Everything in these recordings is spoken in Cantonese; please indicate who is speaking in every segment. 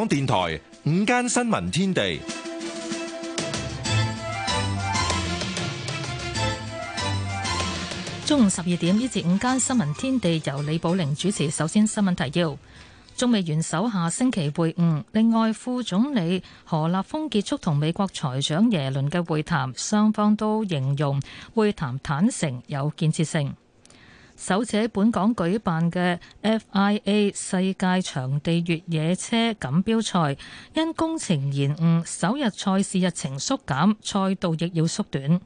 Speaker 1: 港電台午間新聞天地，
Speaker 2: 中午十二點，呢節午間新聞天地由李寶玲主持。首先新聞提要：中美元首下星期會晤，另外副總理何立峰結束同美國財長耶倫嘅會談，雙方都形容會談坦誠有建設性。首者本港舉辦嘅 FIA 世界場地越野車錦標賽，因工程延誤，首日賽事日程縮減，賽道亦要縮短。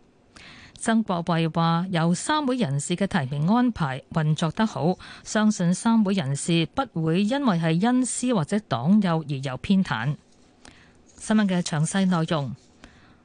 Speaker 2: 曾國衞話：由三會人士嘅提名安排運作得好，相信三會人士不會因為係恩師或者黨友而有偏袒。新聞嘅詳細內容。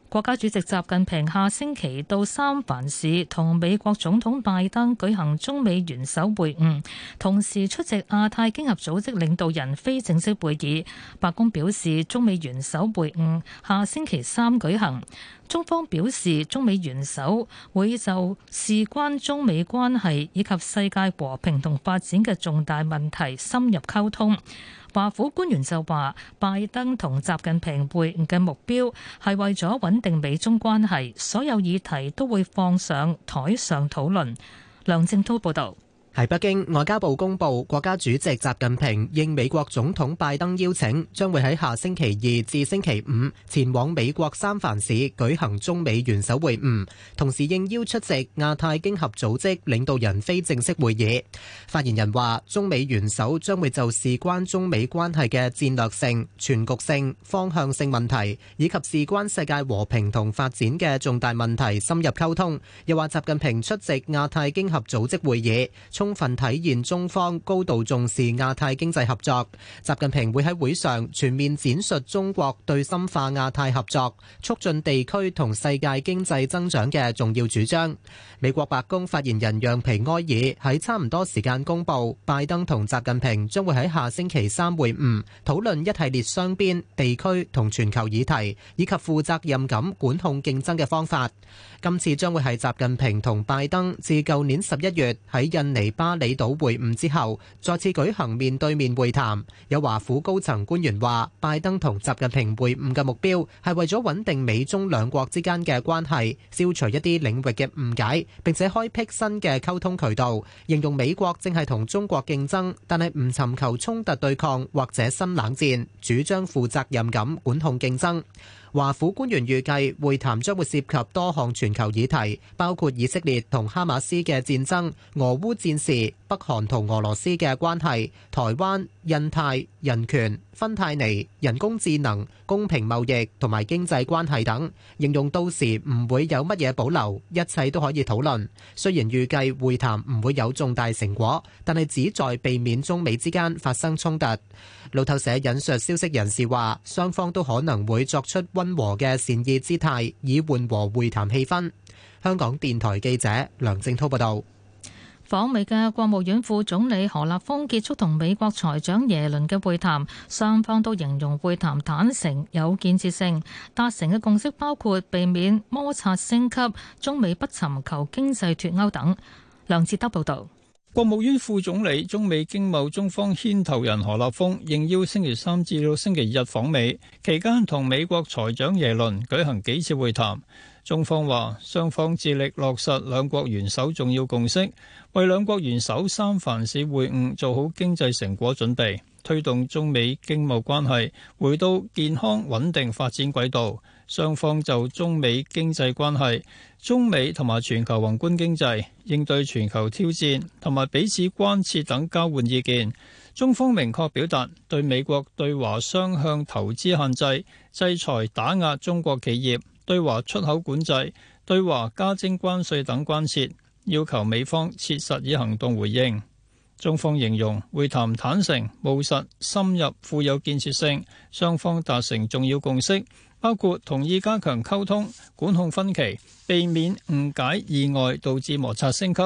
Speaker 2: 國家主席習近平下星期到三藩市同美國總統拜登舉行中美元首會晤，同時出席亞太經合組織領導人非正式會議。白宮表示，中美元首會晤下星期三舉行。中方表示，中美元首會就事關中美關係以及世界和平同發展嘅重大問題深入溝通。華府官員就話拜登同習近平會晤嘅目標係為咗穩定美中關係，所有議題都會放上台上討論，梁正濤報道。
Speaker 3: 喺北京，外交部公布，國家主席習近平應美國總統拜登邀請，將會喺下星期二至星期五前往美國三藩市舉行中美元首會晤，同時應邀出席亞太經合組織領導人非正式會議。發言人話，中美元首將會就事關中美關係嘅戰略性、全局性、方向性問題，以及事關世界和平同發展嘅重大問題深入溝通。又話，習近平出席亞太經合組織會議，充充分體現中方高度重視亞太經濟合作。習近平會喺會上全面展述中國對深化亞太合作、促進地區同世界經濟增長嘅重要主張。美國白宮發言人讓皮埃爾喺差唔多時間公布，拜登同習近平將會喺下星期三會晤，討論一系列雙邊、地區同全球議題，以及負責任感管控競爭嘅方法。今次將會係習近平同拜登自舊年十一月喺印尼，巴厘島會晤之後，再次舉行面對面會談。有華府高層官員話，拜登同習近平會晤嘅目標係為咗穩定美中兩國之間嘅關係，消除一啲領域嘅誤解，並且開闢新嘅溝通渠道。形容美國正係同中國競爭，但係唔尋求衝突對抗或者新冷戰，主張負責任咁管控競爭。華府官員預計會談將會涉及多項全球議題，包括以色列同哈馬斯嘅戰爭、俄烏戰事。北韓同俄羅斯嘅關係、台灣、印太、人權、芬太尼、人工智能、公平貿易同埋經濟關係等，形容到時唔會有乜嘢保留，一切都可以討論。雖然預計會談唔會有重大成果，但係旨在避免中美之間發生衝突。路透社引述消息人士話，雙方都可能會作出溫和嘅善意姿態，以緩和會談氣氛。香港電台記者梁正滔報道。
Speaker 2: 訪美嘅國務院副總理何立峰結束同美國財長耶倫嘅會談，雙方都形容會談坦誠、有建設性，達成嘅共識包括避免摩擦升級、中美不尋求經濟脫鈎等。梁志德報道。
Speaker 4: 國務院副總理、中美經貿中方牽頭人何立峰應邀星期三至到星期日訪美，期間同美國財長耶倫舉行幾次會談。中方話，雙方致力落實兩國元首重要共識，為兩國元首三藩市會晤做好經濟成果準備，推動中美經貿關係回到健康穩定發展軌道。雙方就中美經濟關係、中美同埋全球宏觀經濟、應對全球挑戰同埋彼此關切等交換意見。中方明確表達對美國對華雙向投資限制、制裁、打壓中國企業、對華出口管制、對華加徵關稅等關切，要求美方切實以行動回應。中方形容會談坦誠、務實、深入、富有建設性，雙方達成重要共識。包括同意加強溝通、管控分歧、避免誤解、意外導致摩擦升級。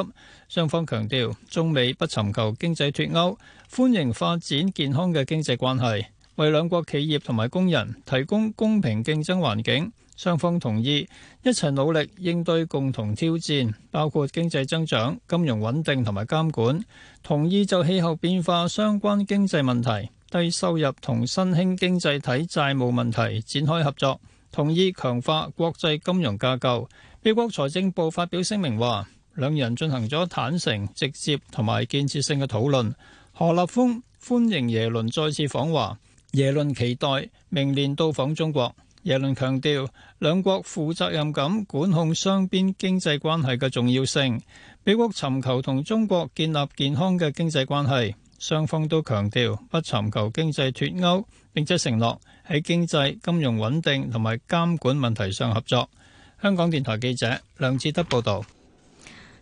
Speaker 4: 雙方強調，中美不尋求經濟脱鉤，歡迎發展健康嘅經濟關係，為兩國企業同埋工人提供公平競爭環境。雙方同意一齊努力應對共同挑戰，包括經濟增長、金融穩定同埋監管。同意就氣候變化相關經濟問題低收入同新興經濟體債務問題展開合作，同意強化國際金融架構。美國財政部發表聲明話，兩人進行咗坦誠、直接同埋建設性嘅討論。何立峰歡迎耶倫再次訪華，耶倫期待明年到訪中國。耶倫強調兩國負責任噉管控雙邊經濟關係嘅重要性。美國尋求同中國建立健康嘅經濟關係。雙方都強調不尋求經濟脫鉤，並且承諾喺經濟、金融穩定同埋監管問題上合作。香港電台記者梁志德報導。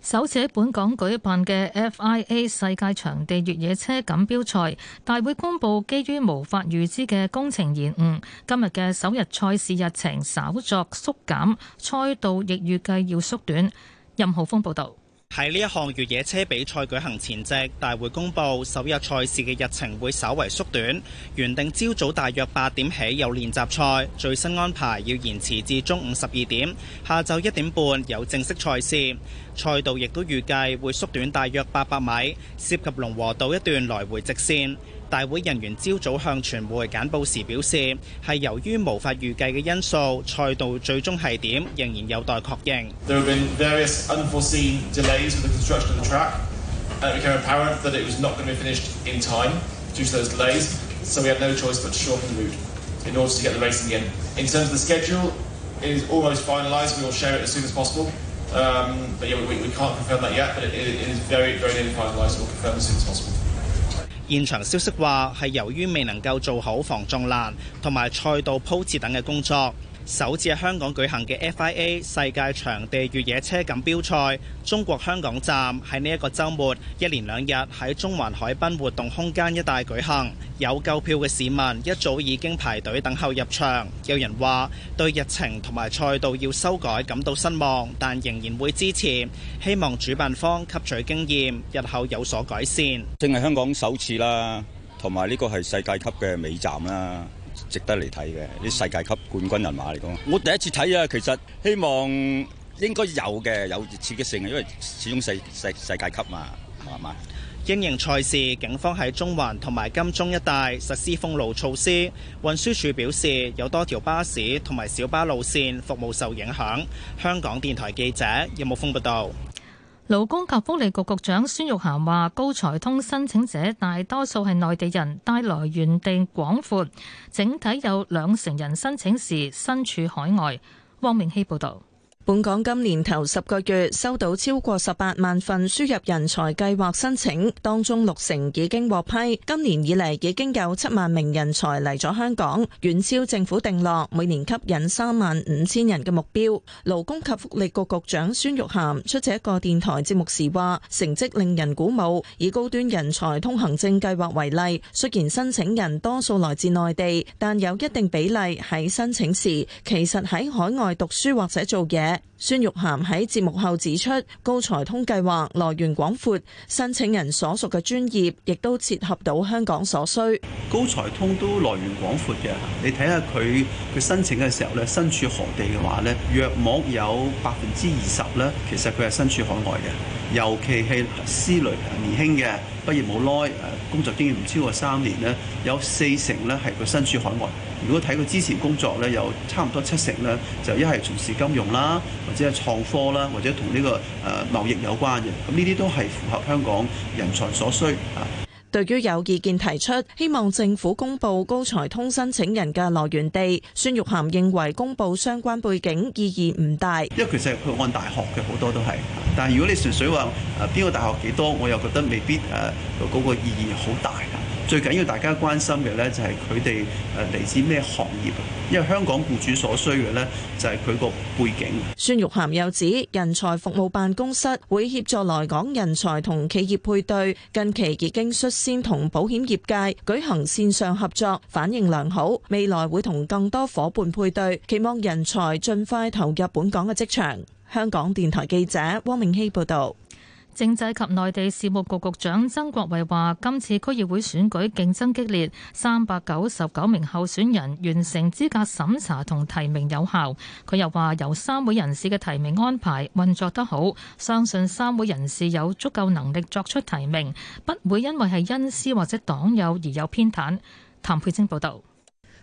Speaker 2: 首次喺本港舉辦嘅 FIA 世界場地越野車錦標賽大會公佈，基於無法預知嘅工程延誤，今日嘅首日賽事日程稍作縮減，賽道亦預計要縮短。任浩峯報導。
Speaker 1: 喺呢一項越野車比賽舉行前夕，大會公布首日賽事嘅日程會稍為縮短。原定朝早大約八點起有練習賽，最新安排要延遲至中午十二點。下晝一點半有正式賽事，賽道亦都預計會縮短大約八百米，涉及龍和道一段來回直線。大會人員朝早向傳媒簡報時表示，係由於無法預計嘅因素，賽道最終係點仍然有待確
Speaker 4: 認。
Speaker 1: 現場消息話，係由於未能夠做好防撞欄同埋賽道鋪設等嘅工作。首次喺香港舉行嘅 FIA 世界場地越野車錦標賽中國香港站喺呢一個周末一連兩日喺中環海濱活動空間一帶舉行。有購票嘅市民一早已經排隊等候入場，有人話對日程同埋賽道要修改感到失望，但仍然會支持。希望主辦方吸取經驗，日後有所改善。正係香港首次啦，同埋呢個係世界級嘅尾站啦。值得嚟睇嘅，啲世界級冠軍人馬嚟講，我第一次睇啊，其實希望應該有嘅，有刺激性嘅，因為始終世世世界級嘛，係嘛？英營賽事，警方喺中環同埋金鐘一帶實施封路措施。運輸署表示，有多條巴士同埋小巴路線服務受影響。香港電台記者任木峯報導。有
Speaker 2: 勞工及福利局局長孫玉菡話：高才通申請者大多數係內地人，但來源地廣闊，整體有兩成人申請時身處海外。汪明希報道。
Speaker 5: 本港今年頭十個月收到超過十八萬份輸入人才計劃申請，當中六成已經獲批。今年以嚟已經有七萬名人才嚟咗香港，遠超政府定落每年吸引三萬五千人嘅目標。勞工及福利局局長孫玉菡出席一個電台節目時話，成績令人鼓舞。以高端人才通行證計劃為例，雖然申請人多數來自內地，但有一定比例喺申請時其實喺海外讀書或者做嘢。孫玉菡喺節目後指出，高才通計劃來源廣闊，申請人所屬嘅專業亦都切合到香港所需。
Speaker 3: 高才通都來源廣闊嘅，你睇下佢佢申請嘅時候咧，身處何地嘅話咧，約莫有百分之二十咧，其實佢係身處海外嘅，尤其係 C 類年輕嘅，畢業冇耐。工作經驗唔超過三年咧，有四成咧係佢身處海外。如果睇佢之前工作咧，有差唔多七成咧，就一係從事金融啦，或者係創科啦，或者同呢個誒貿易有關嘅。咁呢啲都係符合香港人才所需啊。
Speaker 5: 對於有意見提出，希望政府公布高才通申請人嘅來源地，孫玉涵認為公布相關背景意義唔大。因為
Speaker 3: 其實佢按大學嘅好多都係，但係如果你純粹話誒邊個大學幾多，我又覺得未必誒嗰個，呃那個意義好大。最緊要大家關心嘅咧，就係佢哋誒嚟自咩行業。
Speaker 6: 因為
Speaker 4: 香港僱主所需嘅咧，就係佢個背景。
Speaker 5: 孫玉菡又指，人才服務辦公室會協助來港人才同企業配對，近期已經率先同保險業界舉行線上合作，反應良好。未來會同更多伙伴配對，期望人才盡快投入本港嘅職場。香港電台記者
Speaker 2: 汪明希報道。政制及內地事務局局長曾國衛話：今次區議會選舉競爭激烈，三百九十九名候選人完成資格審查同提名有效。佢又話：由三會人士嘅提名安排運作得好，相信三會人士有足夠能力作出提名，不會因為係恩師或者黨友而有偏袒。譚佩晶報導。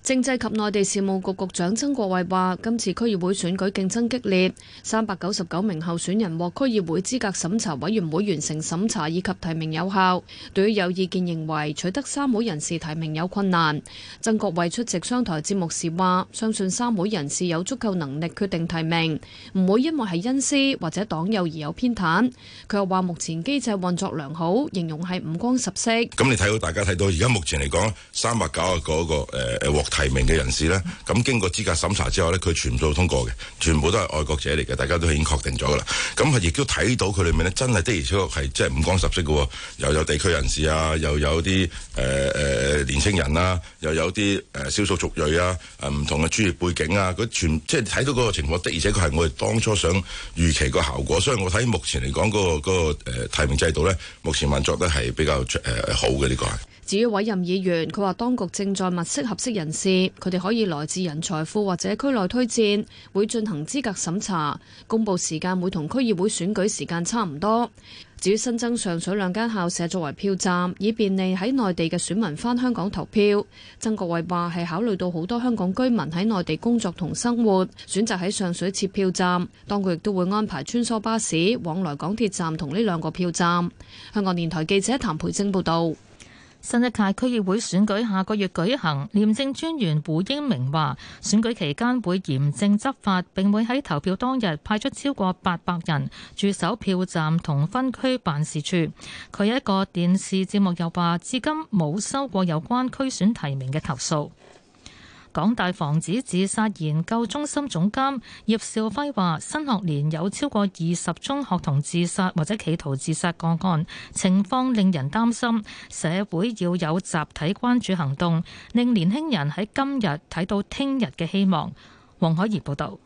Speaker 7: 政制及內地事務局局長曾國衛話：今次區議會選舉競爭激烈，三百九十九名候選人獲區議會資格審查委員會完成審查以及提名有效。對於有意見認為取得三會人士提名有困難，曾國衛出席商台節目時話：相信三會人士有足夠能力決定提名，唔會因為係恩師或者黨友而有偏袒。佢又話：目前機制運作良好，形容係五光十色。
Speaker 2: 咁你睇到大家睇到而家目前嚟講，三百九啊個個誒誒獲提名嘅人士咧，咁經過資格審查之後咧，佢全部都通過嘅，全部都係愛國者嚟嘅，大家都已經確定咗噶啦。咁佢亦都睇到佢裏面咧，真係的而且確係即係五光十色嘅，又有地區人士啊，又有啲誒誒年青人啊，又有啲誒少數族裔啊，唔同嘅專業背景啊，佢全即係睇到嗰個情況，的而且確係我哋當初想預期個效果，所以我睇目前嚟講嗰個嗰個呃提名制度咧，目前運作得係比較誒好嘅呢個。
Speaker 7: 至於委任議員，佢話當局正在物色合適人士，佢哋可以來自人才庫或者區內推薦，會進行資格審查，公佈時間會同區議會選舉時間差唔多。至於新增上水兩間校舍作為票站，以便利喺內地嘅選民返香港投票。曾國衛話係考慮到好多香港居民喺內地工作同生活，選擇喺上水設票站。當局亦都會安排穿梭巴士往來港鐵站同呢兩個票站。香港電台記者譚培晶報導。
Speaker 2: 新一屆區議會選舉下個月舉行，廉政專員胡英明話，選舉期間會嚴正執法，並會喺投票當日派出超過八百人駐守票站同分區辦事處。佢有一個電視節目又話，至今冇收過有關區選提名嘅投訴。港大防止自殺研究中心總監葉兆輝話：新學年有超過二十宗學童自殺或者企圖自殺個案，情況令人擔心。社會要有集體關注行動，令年輕人喺今日睇到聽日嘅希望。黃海怡報導。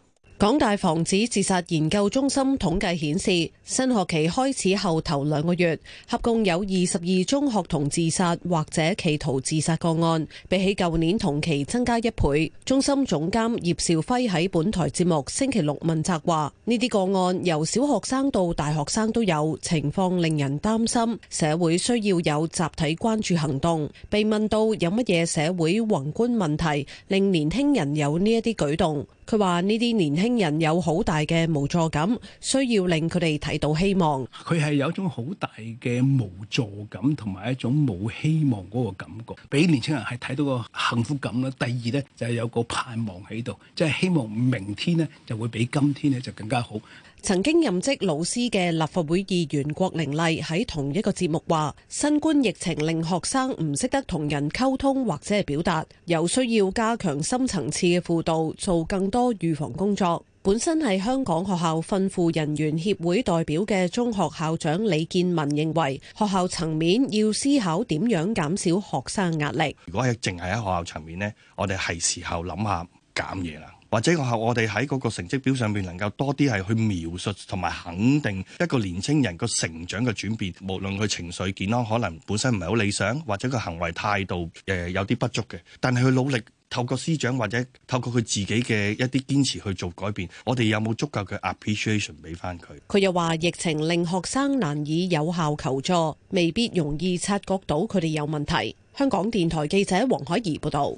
Speaker 8: 港大防止自殺研究中心統計顯示，新學期開始後頭兩個月合共有二十二宗中學童自殺或者企圖自殺個案，比起舊年同期增加一倍。中心總監葉兆輝喺本台節目星期六問責話：呢啲個案由小學生到大學生都有，情況令人擔心，社會需要有集體關注行動。被問到有乜嘢社會宏觀問題令年輕人有呢一啲舉動？佢話呢啲年輕人有好大嘅無助感，需要令佢哋睇到希望。
Speaker 1: 佢係有一種好大嘅無助感，同埋一種冇希望嗰個感覺，俾年輕人係睇到個幸福感啦。第二咧就係有個盼望喺度，即係希望明天呢就會比今天呢就更加好。
Speaker 8: 曾經任職老師嘅立法會議員郭玲麗喺同一個節目話，新冠疫情令學生唔識得同人溝通或者係表達，有需要加強深層次嘅輔導，做更多預防工作。本身係香港學校訓輔人員協會代表嘅中學校長李建文認為，學校層面要思考點樣減
Speaker 4: 少學生壓力。如果係淨係喺學校層面呢，我哋係時候諗下減嘢啦。或者我係我哋喺嗰個成績表上面能夠多啲係去描述同埋肯定一個年青人個成長嘅轉變，無論佢情緒健康可能本身唔係好理想，或者個行為態度誒有啲不足嘅，但係佢努力透過師長或者透過佢自己嘅一啲堅持去做改變，我哋有冇足夠嘅 appreciation 俾翻佢？
Speaker 8: 佢又話疫情令學生難以有效求助，未必容易察覺到佢哋有問題。香港電台記者黃海怡報導。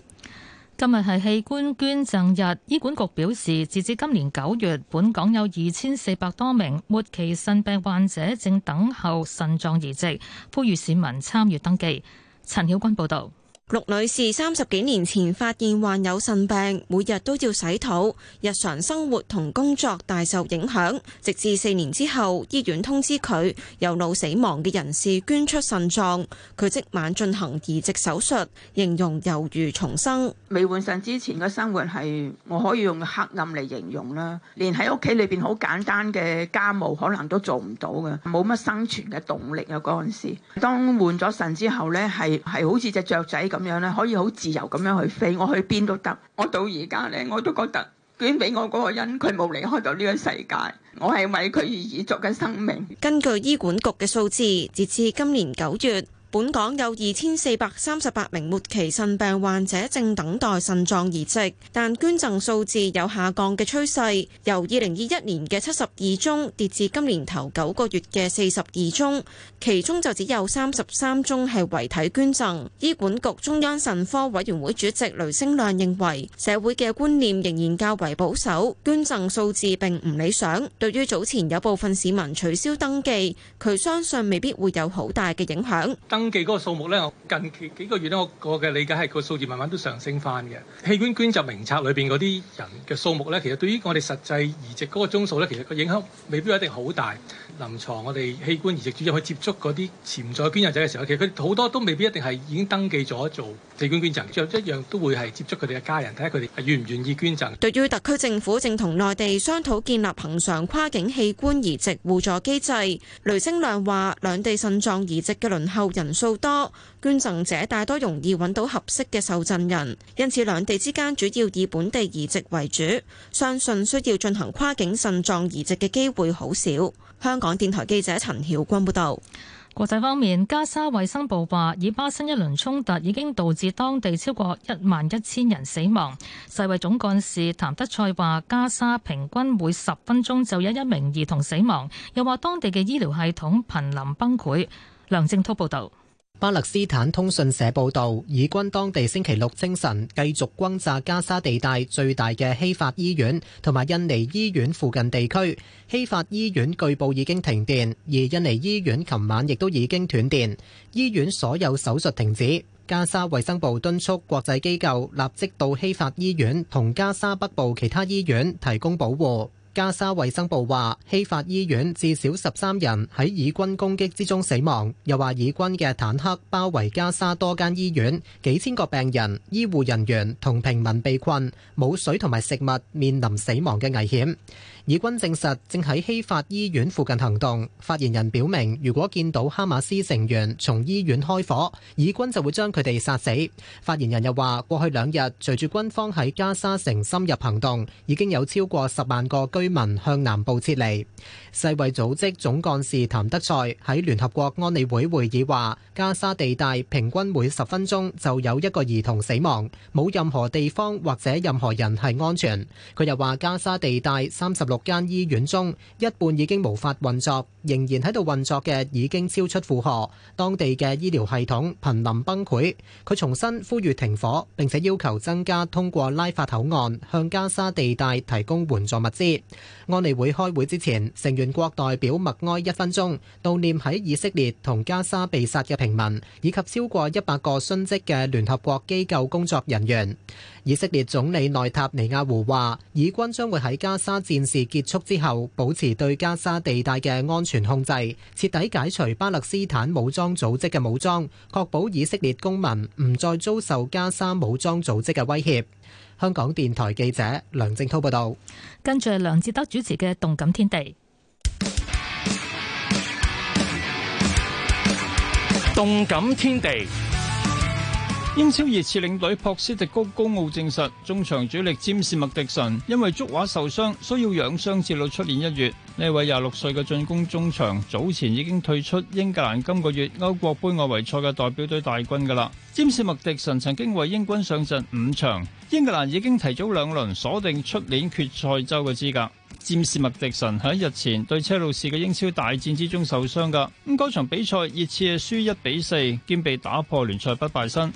Speaker 2: 今日係器官捐贈日，醫管局表示，截至今年九月，本港有二千四百多名末期腎病患者正等候腎臟移植，呼籲市民參與登記。陳曉君報導。
Speaker 6: 陸女士三十幾年前發現患有腎病，每日都要洗肚，日常生活同工作大受影響。直至四年之後，醫院通知佢有腦死亡嘅人士捐出腎臟，佢即晚進行移植手術，形容猶如重生。未換腎之前嘅生活係，
Speaker 5: 我可以用黑暗嚟形容啦。連喺屋企裏邊好簡單嘅家務可能都做唔到嘅，冇乜生存嘅動力啊！嗰陣時，當換咗腎之後咧，係係好似隻雀仔。咁樣咧，可以好自由咁樣去飛，我去邊都得。我到而家咧，我都覺得捐俾我嗰個人，佢冇離開到呢個世界，我係為佢而作
Speaker 6: 緊生命。根據醫管局嘅數字，截至今年九月，本港有二千四百三十八名末期腎病患者正等待腎臟移植，但捐贈數字有下降嘅趨勢，由二零二一年嘅七十二宗跌至今年頭九個月嘅四十二宗，其中就只有三十三宗係遺體捐贈。醫管局中央腎科委員會主席雷聲亮認為，社會嘅觀念仍然較為保守，捐贈數字並唔理想。對於早前有部分市民取消登記，佢相信未必會有好大嘅影響。
Speaker 4: 登記嗰個數目咧，我近期幾個月咧，我我嘅理解係個數字慢慢都上升翻嘅。器官捐贈名冊裏邊嗰啲人嘅數目咧，其實對於我哋實際移植嗰個宗數咧，其實個影響未必一定好大。臨床我哋器官移植主任去接觸嗰啲潛在捐人者嘅時候，其實佢好多都未必一定係已經登記咗做器官捐贈，一樣都會係接觸佢哋嘅家人，睇下佢哋係願唔願意捐贈。
Speaker 6: 對於特區政府正同內地商討建立恆常跨境器官移植互助機制，雷星亮話，兩地腎臟移植嘅輪候人數多，捐贈者大多容易揾到合適嘅受贈人，因此兩地之間主要以本地移植為主，相信需要進行跨境腎臟移植嘅機會好少。香
Speaker 2: 港電台記者陳曉君報道。國際方面，加沙衛生部話，以巴新一輪衝突已經導致當地超過一萬一千人死亡。世衛總幹事譚德塞話，加沙平均每十分鐘就有一名兒童死亡，又話當地嘅醫療系統瀕臨崩潰。梁正濤報道。巴勒斯坦通訊
Speaker 3: 社報道，以軍當地星期六清晨繼續轟炸加沙地帶最大嘅希法醫院同埋印尼醫院附近地區。希法醫院據報已經停電，而印尼醫院琴晚亦都已經斷電，醫院所有手術停止。加沙衛生部敦促國際機構立即到希法醫院同加沙北部其他醫院提供保護。加沙衛生部話，希法醫院至少十三人喺以軍攻擊之中死亡，又話，以軍嘅坦克包圍加沙多間醫院，幾千個病人、醫護人員同平民被困，冇水同埋食物，面臨死亡嘅危險。以軍證實正喺希法醫院附近行動。發言人表明，如果見到哈馬斯成員從醫院開火，以軍就會將佢哋殺死。發言人又話，過去兩日隨住軍方喺加沙城深入行動，已經有超過十萬個居民向南部撤離。世衛組織總幹事譚德塞喺聯合國安理會會議話，加沙地帶平均每十分鐘就有一個兒童死亡，冇任何地方或者任何人係安全。佢又話，加沙地帶三十六六間醫院中，一半已經無法運作，仍然喺度運作嘅已經超出負荷，當地嘅醫療系統瀕臨崩潰。佢重新呼籲停火，並且要求增加通過拉法口岸向加沙地帶提供援助物資。安理會開會之前，成員國代表默哀一分鐘，悼念喺以色列同加沙被殺嘅平民，以及超過一百個殉職嘅聯合國機構工作人員。以色列總理內塔尼亞胡話，以軍將會喺加沙戰事結束之後，保持對加沙地帶嘅安全控制，徹底解除巴勒斯坦武裝組織嘅武裝，確保以色列公民唔再遭受加沙武裝組織嘅威脅。香港電台記者梁正濤報道。
Speaker 2: 跟住係梁智德主持嘅《動感天地》，
Speaker 4: 《動感天地》。英超熱刺領隊博斯迪高高傲證實，中場主力詹士麥迪神因為足踝受傷，需要養傷至到出年一月。呢位廿六歲嘅進攻中場早前已經退出英格蘭今個月歐國盃外圍賽嘅代表隊大軍噶啦。詹士麥迪神曾經為英軍上陣五場，英格蘭已經提早兩輪鎖定出年決賽周嘅資格。詹士麥迪神喺日前對車路士嘅英超大戰之中受傷噶，咁嗰場比賽熱刺係輸一比四，兼被打破聯賽不敗身。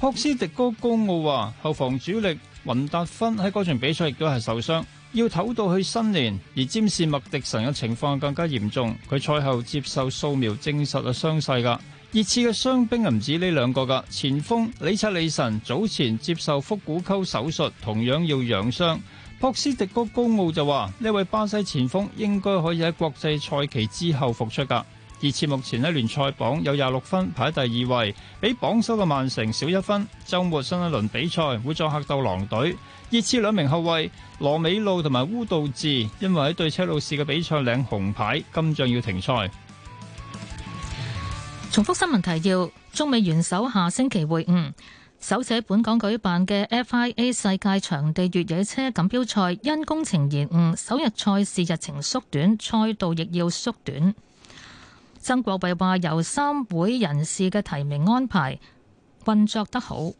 Speaker 4: 博斯迪哥高奧話：後防主力雲達芬喺嗰場比賽亦都係受傷，要唞到去新年。而佔士麥迪神嘅情況更加嚴重，佢賽後接受掃描證實嘅傷勢噶。熱刺嘅傷兵唔止呢兩個噶，前鋒李察李神早前接受腹股溝手術，同樣要養傷。博斯迪哥高奧就話呢位巴西前鋒應該可以喺國際賽期之後復出噶。熱刺目前喺聯賽榜有廿六分排喺第二位，比榜首嘅曼城少一分。周末新一輪比賽會作客鬥狼隊。熱刺兩名後衛羅美路同埋烏道治，因為喺對車路士嘅比賽領紅牌，今仗要停賽。
Speaker 2: 重複新聞提要：中美元首下星期會晤。首者本港舉辦嘅 FIA 世界場地越野車錦標賽，因工程延誤，首日賽事日程縮短，賽道亦要縮短。曾國衛話：由三會人士嘅提名安排運作得好。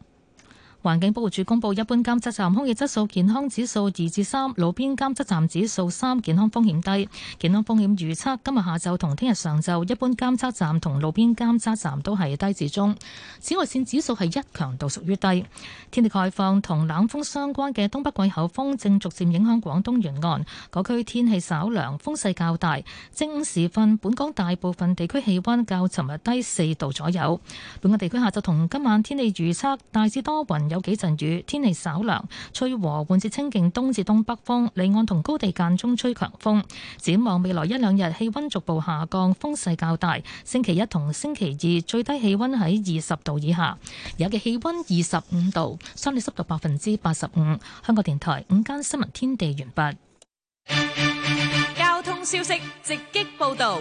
Speaker 2: 環境保護署公布，一般監測站空氣質素健康指數二至三，路邊監測站指數三，健康風險低。健康風險預測今日下晝同聽日上晝，一般監測站同路邊監測站都係低至中。紫外線指數係一，強度屬於低。天氣概況同冷風相關嘅東北季候風正逐漸影響廣東沿岸，嗰區天氣稍涼，風勢較大。正午時分，本港大部分地區氣溫較尋日低四度左右。本港地區下晝同今晚天氣預測大致多雲有有幾陣雨，天氣稍涼，吹和緩至清勁東至東北風，離岸同高地間中吹強風。展望未來一兩日，氣溫逐步下降，風勢較大。星期一同星期二最低氣溫喺二十度以下，有嘅氣溫二十五度，相對濕度百分之八十五。香港電台午間新聞天地完畢。
Speaker 7: 交通消息直擊報道。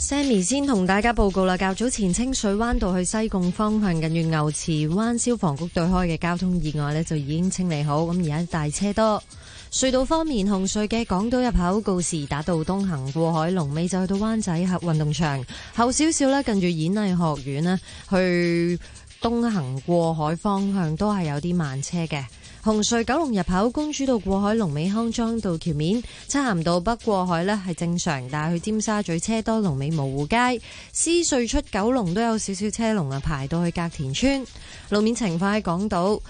Speaker 9: Sammy 先同大家報告啦，較早前清水灣道去西貢方向近住牛池灣消防局對開嘅交通意外呢，就已經清理好。咁而家大車多。隧道方面，紅隧嘅港島入口告士打道東行過海龍尾就去到灣仔合運動場。後少少呢，近住演藝學院呢，去東行過海方向都係有啲慢車嘅。紅隧九龍入口公主道過海，龍尾康莊道橋面、漆咸道北過海呢係正常，但係去尖沙咀車多，龍尾模糊街。獅隧出九龍都有少少車龍啊，排到去隔田村路面情況。喺港島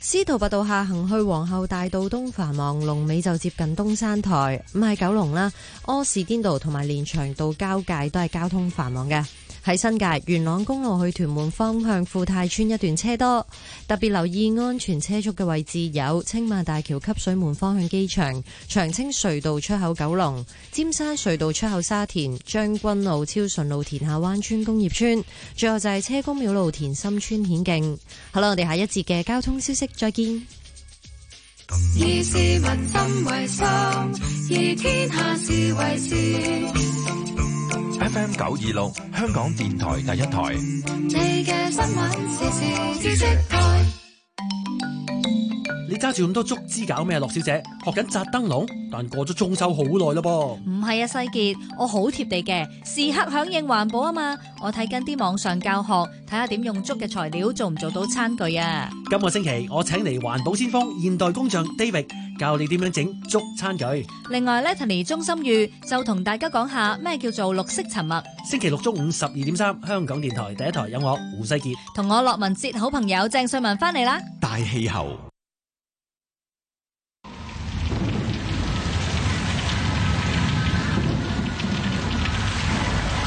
Speaker 9: 司徒拔道下行去皇后大道東繁忙，龍尾就接近東山台，唔係九龍啦。柯士甸道同埋連翔道交界都係交通繁忙嘅。喺新界，元朗公路去屯門方向富泰村一段車多，特別留意安全車速嘅位置有青馬大橋汲水門方向機場、長青隧道出口九龍、尖山隧道出口沙田、將軍路、超順路、田下灣村工業村，最後就係車公廟路田心村顯徑。好啦，我哋下一節嘅交通消息再見。以市民心為心，以天下事為事。
Speaker 1: FM 九二六，香港電台第一台。你揸住咁多竹
Speaker 3: 枝搞咩啊？洛小姐學緊紮燈籠，但過咗中秋好耐咯噃。
Speaker 9: 唔係啊，世傑，我好貼地嘅，時刻響應環保啊嘛。我睇緊啲網上教學，睇下點用竹嘅材料做唔做到餐具啊。
Speaker 1: 今個星期我請嚟環保先鋒現代工匠 David 教你點樣整竹餐具。
Speaker 9: 另外，Lanny 鍾心裕就同大家講下咩叫做綠色沉默。
Speaker 1: 星期六中午十二點三，香港電台第一台有我胡世傑
Speaker 9: 同我洛文捷好朋友鄭瑞文翻嚟啦。
Speaker 1: 大氣候。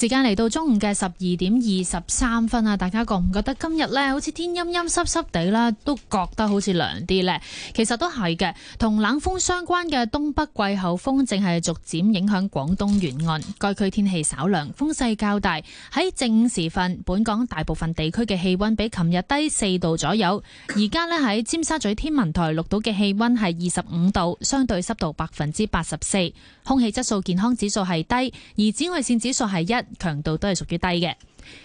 Speaker 7: 時間嚟到中午嘅十二點二十三分啊！大家覺唔覺得今日呢好似天陰陰濕濕地啦，都覺得好似涼啲呢？其實都係嘅，同冷鋒相關嘅東北季候風正係逐漸影響廣東沿岸，該區天氣稍涼，風勢較大。喺正午時分，本港大部分地區嘅氣溫比琴日低四度左右。而家呢喺尖沙咀天文台錄到嘅氣溫係二十五度，相對濕度百分之八十四，空氣質素健康指數係低，而紫外線指數係一。強度都係屬於低嘅。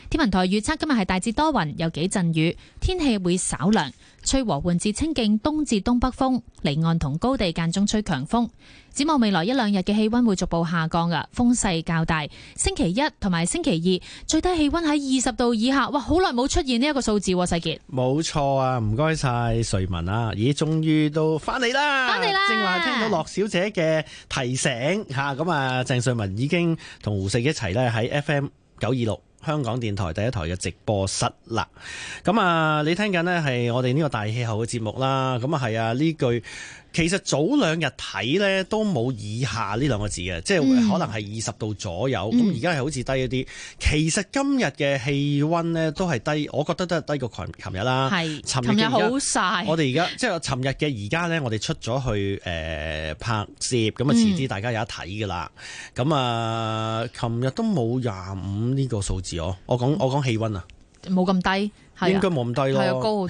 Speaker 7: 天文台預測今日係大致多雲，有幾陣雨，天氣會稍涼，吹和緩至清勁東至東北風，離岸同高地間中吹強風。展望未來一兩日嘅氣温會逐步下降，噶風勢較大。星期一同埋星期二最低氣温喺二十度以下，哇！好耐冇出現呢一個數字。世杰，
Speaker 1: 冇錯啊，唔該晒瑞文啊，咦，終於都翻嚟啦，翻嚟啦，正話聽到樂小姐嘅提醒吓，咁、嗯、啊、嗯呃，鄭瑞文已經同胡四一齊咧喺 F M 九二六。香港電台第一台嘅直播室啦，咁、嗯、啊，你聽緊呢係我哋呢個大氣候嘅節目啦，咁啊係啊呢句。其實早兩日睇咧都冇以下呢兩個字嘅，即係可能係二十度左右。咁而家係好似低一啲。其實今日嘅氣温咧都係低，我覺得都係低過琴日啦。係是，琴日好晒，我哋而家即係琴日嘅而家咧，我哋出咗去誒拍攝，咁啊遲啲大家有得睇㗎啦。咁、嗯、啊，琴日都冇廿五呢個數字哦。我講我講氣温啊，
Speaker 2: 冇咁低，
Speaker 1: 啊、應該冇咁低
Speaker 2: 咯，